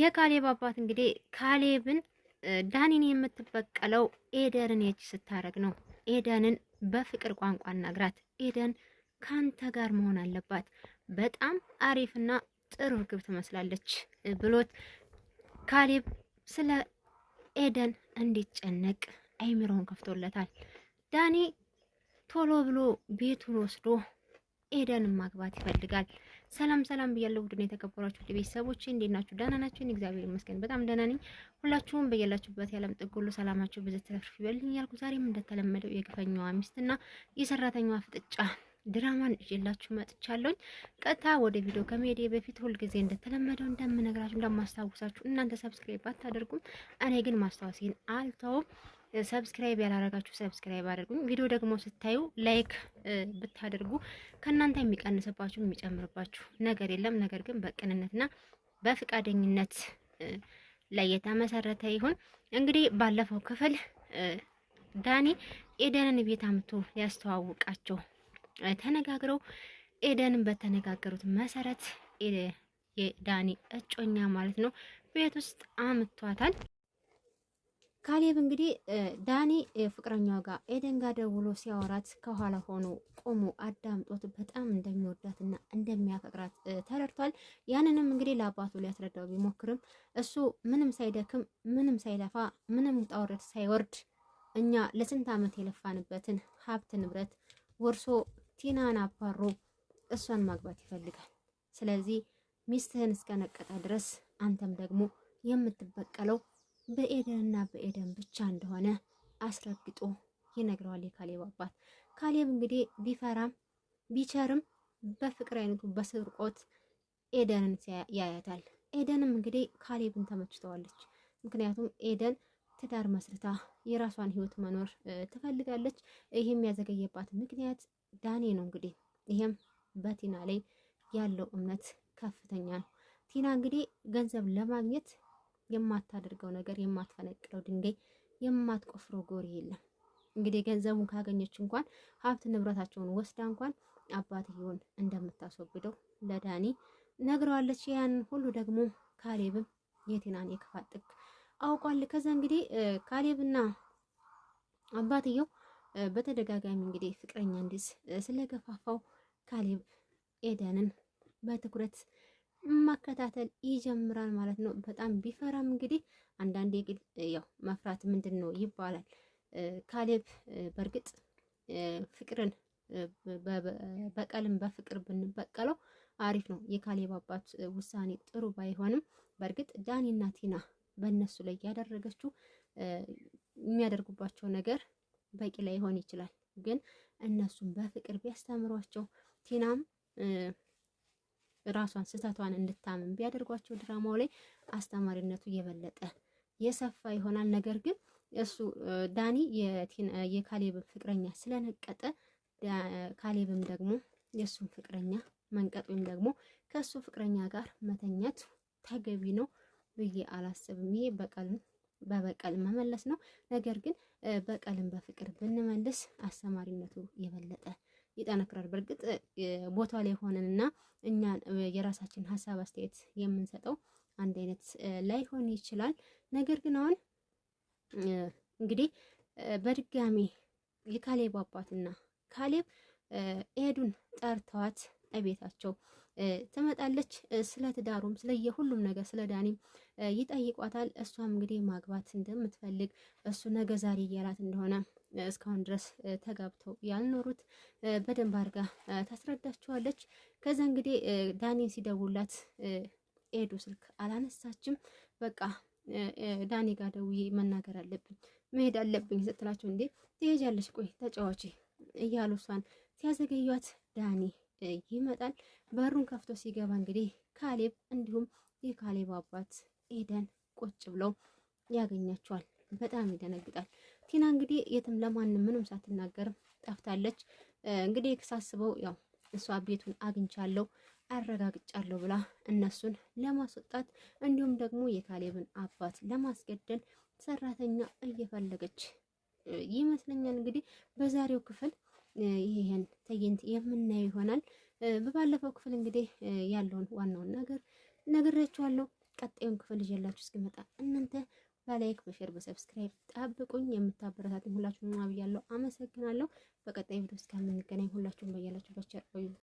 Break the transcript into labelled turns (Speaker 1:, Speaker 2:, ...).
Speaker 1: የካሌብ አባት እንግዲህ ካሌብን ዳኒን የምትበቀለው ኤደንን የእጅ ስታረግ ነው። ኤደንን በፍቅር ቋንቋ እናግራት። ኤደን ካንተ ጋር መሆን አለባት፣ በጣም አሪፍና ጥሩ ግብ ትመስላለች ብሎት ካሌብ ስለ ኤደን እንዲጨነቅ አይምሮውን ከፍቶለታል። ዳኒ ቶሎ ብሎ ቤቱን ወስዶ ኤደን ማግባት ይፈልጋል። ሰላም ሰላም ብያለሁ። ውድና የተከበራችሁ ውድ ቤተሰቦች እንዴት ናችሁ? ደህና ናችሁ? እግዚአብሔር ይመስገን በጣም ደህና ነኝ። ሁላችሁም በያላችሁበት የዓለም ጥግ ሁሉ ሰላማችሁ ብዙ ተረፍርፍ ይበልኝ እያልኩ ዛሬም እንደተለመደው የግፈኛዋ ሚስትና የሰራተኛዋ ፍጥጫ ድራማን ይዤላችሁ መጥቻለሁኝ። ቀጥታ ወደ ቪዲዮ ከመሄዴ በፊት ሁልጊዜ እንደተለመደው እንደምነግራችሁ እንደማስታውሳችሁ እናንተ ሰብስክራይብ አታደርጉም፣ እኔ ግን ማስታወሴን አልተውም። ሰብስክራይብ ያላረጋችሁ ሰብስክራይብ አድርጉ። ቪዲዮ ደግሞ ስታዩ ላይክ ብታደርጉ ከእናንተ የሚቀንስባችሁ የሚጨምርባችሁ ነገር የለም። ነገር ግን በቅንነትና በፍቃደኝነት ላይ የተመሰረተ ይሁን። እንግዲህ ባለፈው ክፍል ዳኒ ኤደንን ቤት አምቶ ሊያስተዋውቃቸው ተነጋግረው ኤደንን በተነጋገሩት መሰረት የዳኒ እጮኛ ማለት ነው ቤት ውስጥ አምቷታል። ካሌብ እንግዲህ ዳኒ ፍቅረኛ ጋር ኤደን ጋር ደውሎ ሲያወራት ከኋላ ሆኖ ቆሞ አዳምጦት በጣም እንደሚወዳትና እንደሚያፈቅራት ተረድቷል። ያንንም እንግዲህ ለአባቱ ሊያስረዳው ቢሞክርም እሱ ምንም ሳይደክም፣ ምንም ሳይለፋ፣ ምንም ውጣ ውረድ ሳይወርድ እኛ ለስንት ዓመት የለፋንበትን ሀብት ንብረት ወርሶ ቲናን አባሮ እሷን ማግባት ይፈልጋል። ስለዚህ ሚስትህን እስከነቀጠ ድረስ አንተም ደግሞ የምትበቀለው በኤደንና በኤደን ብቻ እንደሆነ አስረግጦ ይነግረዋል የካሌብ አባት። ካሌብ እንግዲህ ቢፈራም ቢቸርም በፍቅር አይነቱ በስርቆት ኤደንን ያያታል። ኤደንም እንግዲህ ካሌብን ተመችተዋለች። ምክንያቱም ኤደን ትዳር መስርታ የራሷን ህይወት መኖር ትፈልጋለች። ይህም ያዘገየባት ምክንያት ዳኔ ነው እንግዲህ ይህም በቲና ላይ ያለው እምነት ከፍተኛ ነው። ቲና እንግዲህ ገንዘብ ለማግኘት የማታደርገው ነገር፣ የማትፈነቅለው ድንጋይ፣ የማትቆፍረው ጎሪ የለም። እንግዲህ ገንዘቡን ካገኘች እንኳን ሀብት ንብረታቸውን ወስዳ እንኳን አባትየውን እንደምታስወግደው ለዳኒ ነግረዋለች። ያን ሁሉ ደግሞ ካሌብም የቴናን የክፋት ጥግ አውቋል። ከዛ እንግዲህ ካሌብና አባትየው በተደጋጋሚ እንግዲህ ፍቅረኛ እንዲዝ ስለገፋፋው ካሌብ ኤደንን በትኩረት መከታተል ይጀምራል ማለት ነው። በጣም ቢፈራም እንግዲህ አንዳንዴ ያው መፍራት ምንድን ነው ይባላል። ካሌብ በእርግጥ ፍቅርን በቀልም በፍቅር ብንበቀለው አሪፍ ነው። የካሌብ አባት ውሳኔ ጥሩ ባይሆንም በእርግጥ ዳኒና ቲና በእነሱ ላይ ያደረገችው የሚያደርጉባቸው ነገር በቂ ላይሆን ይችላል። ግን እነሱን በፍቅር ቢያስተምሯቸው ቲናም ራሷን ስህተቷን እንድታምን ቢያደርጓቸው ድራማው ላይ አስተማሪነቱ የበለጠ የሰፋ ይሆናል። ነገር ግን እሱ ዳኒ የካሌብ ፍቅረኛ ስለነቀጠ ካሌብም ደግሞ የእሱን ፍቅረኛ መንቀጥ ወይም ደግሞ ከእሱ ፍቅረኛ ጋር መተኛት ተገቢ ነው ብዬ አላስብም። ይሄ በቀልን በበቀል መመለስ ነው። ነገር ግን በቀልን በፍቅር ብንመልስ አስተማሪነቱ የበለጠ ይጠነክራል። በእርግጥ ቦታ ላይ ሆነንና እኛ የራሳችን ሀሳብ አስተያየት የምንሰጠው አንድ አይነት ላይሆን ይችላል። ነገር ግን አሁን እንግዲህ በድጋሚ የካሌብ አባትና ካሌብ ኤዱን ጠርተዋት እቤታቸው ትመጣለች። ስለ ትዳሩም ስለየሁሉም ነገር ስለ ዳኒም ይጠይቋታል። እሷም እንግዲህ ማግባት እንደምትፈልግ እሱ ነገ ዛሬ እያላት እንደሆነ እስካሁን ድረስ ተጋብተው ያልኖሩት በደንብ አድርጋ ታስረዳችኋለች። ከዛ እንግዲህ ዳኒን ሲደውላት ኤዱ ስልክ አላነሳችም። በቃ ዳኒ ጋር ደውዬ መናገር አለብኝ መሄድ አለብኝ ስትላቸው እንዴ ትሄጃለሽ፣ ቆይ ተጫዋች እያሉ እሷን ሲያዘገዩት ዳኒ ይመጣል። በሩን ከፍቶ ሲገባ እንግዲህ ካሌብ እንዲሁም የካሌብ አባት ኤደን ቁጭ ብለው ያገኛቸዋል። በጣም ይደነግጣል። ቲና እንግዲህ የትም ለማንም ምንም ሳትናገርም ጠፍታለች። እንግዲህ ሳስበው ያው እሷ ቤቱን አግኝቻለሁ አረጋግጫለሁ ብላ እነሱን ለማስወጣት እንዲሁም ደግሞ የካሌብን አባት ለማስገደል ሰራተኛ እየፈለገች ይመስለኛል። እንግዲህ በዛሬው ክፍል ይሄን ትዕይንት የምናየው ይሆናል። በባለፈው ክፍል እንግዲህ ያለውን ዋናውን ነገር ነግሬያችኋለሁ። ቀጣዩን ክፍል ይዤላችሁ እስኪመጣ እናንተ በላይክ በሼር በሰብስክራይብ ጠብቁኝ። የምታበረታትኝ ሁላችሁም አብያለሁ። አመሰግናለሁ። በቀጣይ ቪዲዮ እስከምንገናኝ ሁላችሁም በያላችሁበት ቸር ቆዩ።